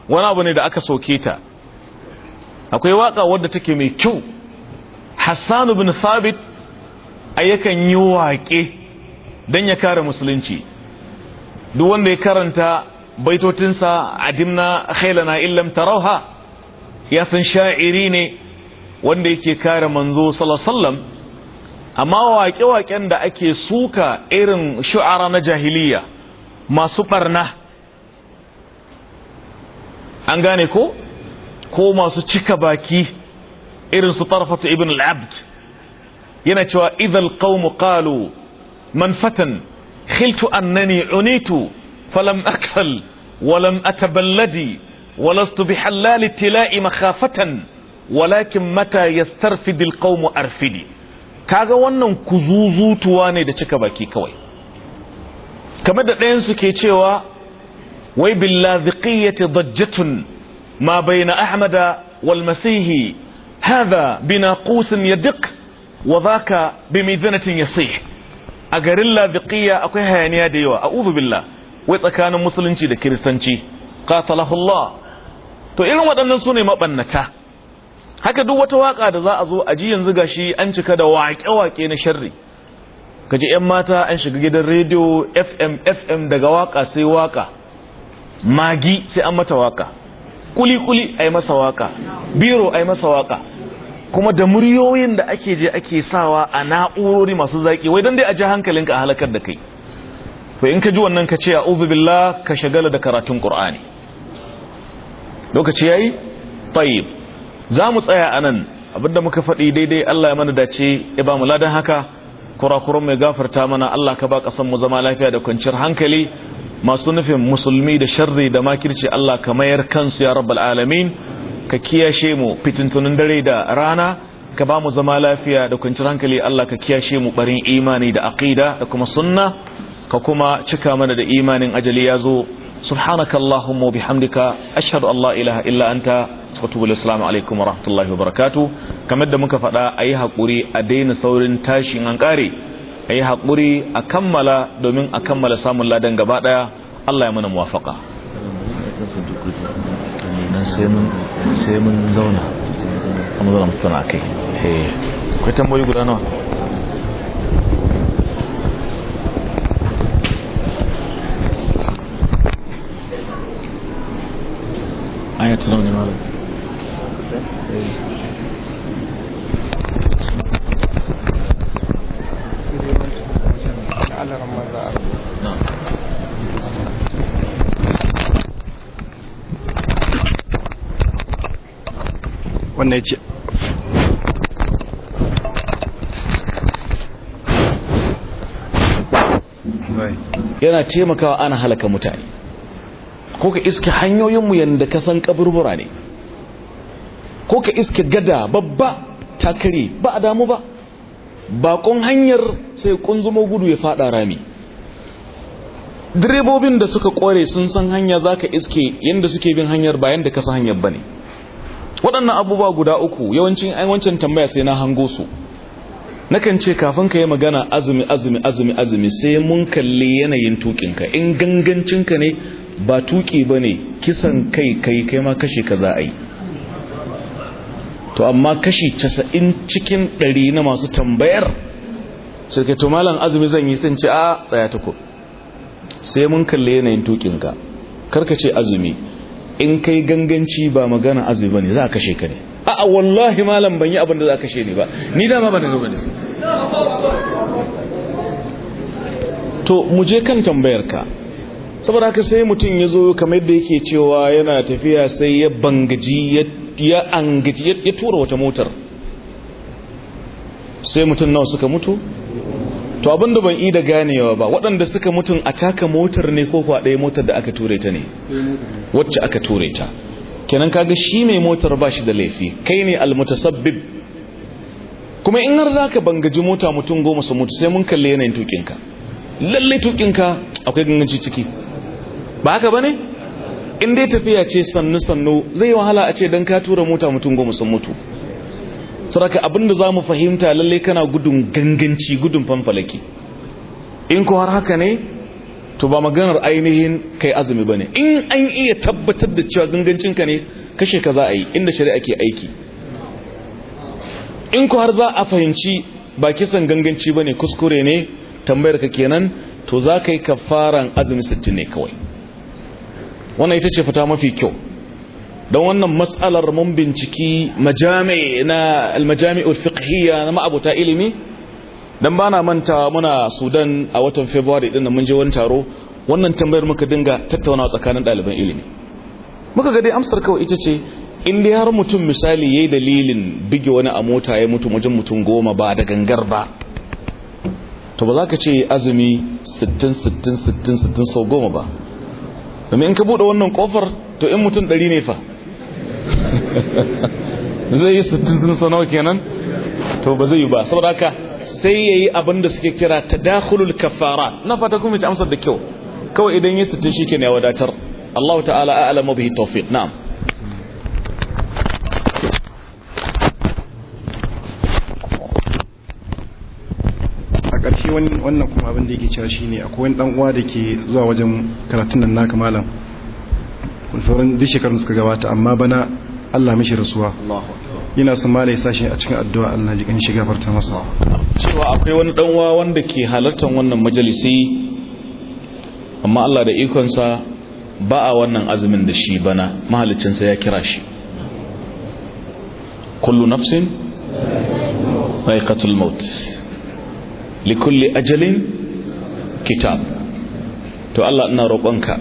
wani abu ne da aka soke ta akwai waka wadda take mai kyau hassan ibn thabit ai yakan yi waƙe don ya kare musulunci duk wanda ya karanta baitotinsa a khaila khailana illam rauha ya san sha'iri ne wanda yake kare manzo sallallahu amma waƙe-waƙen da ake suka irin shu'ara na jahiliya masu ɓarna an gane ko ko masu cika baki irin su tarfata ibn al-abd yana cewa idhal qawmu qalu man khiltu annani unitu falam aksal walam ataballadi ولست بحلال التلاء مخافة ولكن متى يسترفد القوم أرفدي kaga wannan kuzuzutuwa ne da cika baki kawai kamar da ɗayan su ke cewa wai billaziqiyati dajjatun ma baina ahmada wal masihi hadha ya yadiq wa zaka bi ya yasih a garin labiqiya akwai hayaniya da yawa a billah wai tsakanin musulunci da kiristanci qatalahullah to irin waɗannan sune mabannata haka duk wata waka da za a zo a ji yanzu gashi an cika da waƙe-waƙe na sharri kaji yan mata an shiga gidan rediyo FM FM daga waka sai waka magi sai an mata waka kuli kuli ai masa waka biro ai masa waka kuma da muryoyin da ake je ake sawa a na'urori masu zaki wai dan dai a ji hankalinka a halakar da kai to in ka ji wannan ka ce a'udhu billah ka shagala da karatun Kur'ani. lokaci yayi tayyib za mu tsaya anan abinda muka faɗi daidai Allah ya mana dace ya ba mu ladan haka kurakuran mai gafarta mana Allah ka ba kasan mu zama lafiya da kwanciyar hankali masu nufin musulmi da sharri da makirci Allah ka mayar kansu ya rabbal alamin ka kiyashe mu fitintunin dare da rana ka ba mu zama lafiya da kwanciyar hankali Allah ka kiyashe mu barin imani da aqida da kuma sunna ka kuma cika mana da imanin ajali ya zo subhanakallahumma bihamdika ashhadu an la ilaha illa anta astaghfiruka assalamu alaikum wa rahmatullahi kamar da muka faɗa yi hakuri a daina saurin tashin an kare ayi hakuri a kammala domin a kammala samun ladan gaba daya Allah ya mana muwafaƙa wannan sai mun zauna kuma zauna mutu na kai eh. akwai guda nawa wannan ce yana taimakawa ana halaka mutane ko ka iske hanyoyinmu yadda ka san kaburbura ne ko ka iske gada babba takare ba a damu ba bakon hanyar sai kunzumo gudu ya fada rami direbobin da suka kore sun san hanya za ka iske yadda suke bin hanyar bayan da kasa hanyar ba ne. waɗannan abubuwa guda uku yawancin wancan tambaya sai na hango su Na kan ce kafin ka yi magana azumi azumi azumi azumi sai mun kalli yanayin tukinka in gangancinka ne ba tuki ba ne kisan kai kai kai ma kashe ka za a yi to amma kashi casa'in cikin ɗari na masu tambayar sai to malam azumi zan yi sun ce a tsaya ta sai mun kalli yanayin tukinka karka ce azumi in kai ganganci ba magana azumi bane za ka kashe ka ne a'a wallahi malam ban yi abin da za ka kashe ne ba ni dama ba da gaba da to mu je kan tambayar ka saboda haka sai mutum ya zo kamar da yake cewa yana tafiya sai ya bangaji ya angaji ya tura wata motar sai mutum nawa suka mutu to da ban yi da ganewa ba waɗanda suka mutum a taka motar ne ko kwa motar da aka ture ta ne wacce aka ture ta kenan kaga shi mai motar ba shi da laifi kai ne almutasabbib kuma in har zaka bangaji mota mutum goma su mutu sai mun kalle yanayin tukinka lalle tukinka akwai ganganci ciki ba haka bane in dai tafiya ce sannu sannu zai wahala a ce dan ka tura mota mutum goma sun mutu suraka abinda za mu fahimta lalle kana gudun ganganci gudun fanfalaki in ko har haka ne to ba maganar ainihin kai azumi ba ne in an iya tabbatar da cewa gangancinka ne kashe ka za a yi inda shari'a ke aiki in ko har za a fahimci ba kisan ganganci ba ne kuskure ne tambayar ka kenan to za ka yi kafaran azumi sittin ne kawai wannan ita ce fita mafi kyau don wannan matsalar mun binciki majami na na ma'abuta ilimi ba bana manta muna Sudan a watan February din mun je wani taro wannan tambayar muka dinga tattaunawa tsakanin ɗaliban ilimi muka ga dai amsar kawai ita ce in dai har mutum misali ya yi dalilin bige wani a mota ya mutu wajen mutum goma ba da gangar ba to ba za ka ce azumi 60 60 60 60 sau goma ba domin in ka buɗe wannan kofar to in mutum ɗari ne fa zai yi sittin sun sanau kenan to ba zai yi ba saboda haka sai ya yi abin da suke kira ta dakhulul kafara na fata kuma ci amsar da kyau kawai idan yi sittin shi ke ne wadatar Allah ta'ala alamu bihi tawfiq na'am a ƙarshe wannan kuma abin da yake cewa shi ne akwai wani ɗan'uwa da ke zuwa wajen karatun nan naka malam sauran duk shekarun suka gabata amma bana Allah mishi rasuwa yana ma malai sashi a cikin addu'a Allah ji jikin shiga farta masa cewa akwai wani ɗanwa wanda ke halartar wannan majalisi amma Allah da ikonsa ba a wannan azumin da shi bana mahalicinsa ya kira shi kullu nafsin raiqatul maut likulli ajalin kitab to Allah ina roƙonka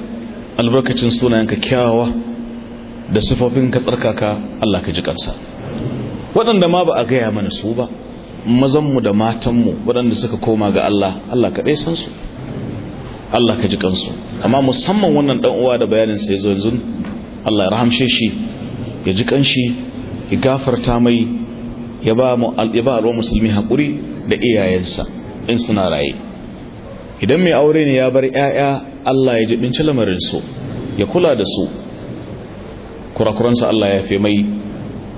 albarkacin sunayenka kyawawa da sifofin ka tsarkaka Allah ka ji kansa waɗanda ma ba a gaya mana su ba mazanmu da matanmu waɗanda suka koma ga Allah Allah ka ɗai san su Allah ka ji kansu amma musamman wannan ɗan uwa da bayanin sa yazo yanzu Allah ya rahamshe shi ya ji kanshi ya gafarta mai ya ba mu ya ba musulmi hakuri da iyayensa in suna raye idan mai aure ne ya bar 'ya'ya Allah ya jibinci lamarin su ya kula da su kurakuransa Allah ya fi mai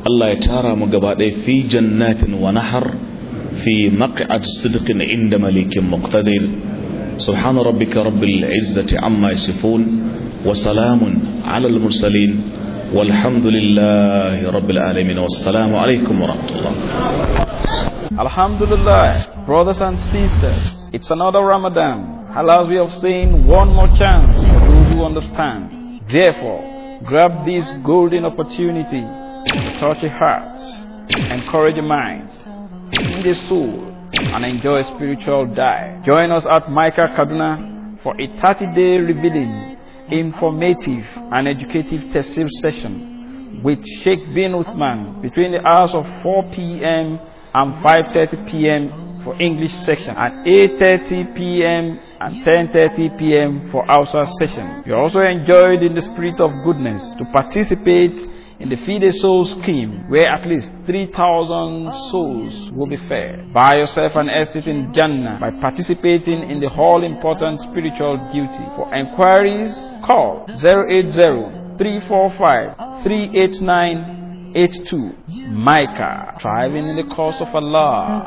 Allah ya tara mu gaba ɗaya fi jannatin wa nahar fi maq'ad sidqin inda malikin muqtadir subhana rabbika rabbil izzati amma yasifun wa salamun ala al mursalin والحمد لله رب العالمين والسلام عليكم ورحمة Alhamdulillah, brothers and sisters, it's another Ramadan. Allah's we have seen one more chance for those who understand. Therefore, Grab this golden opportunity to touch a heart, encourage a mind, feed a soul, and enjoy a spiritual diet. Join us at Micah Kaduna for a 30 day revealing, informative, and educative testing session with Sheikh bin Uthman between the hours of 4 p.m. and 5.30 p.m. for English section and 8.30 p.m and 10.30 p.m. for Hausa session. You are also enjoyed in the spirit of goodness to participate in the Feed a Soul scheme, where at least 3,000 souls will be fed. Buy yourself an estate in Jannah by participating in the all important spiritual duty. For inquiries, call 080 345 389 82. Micah, thriving in the cause of Allah.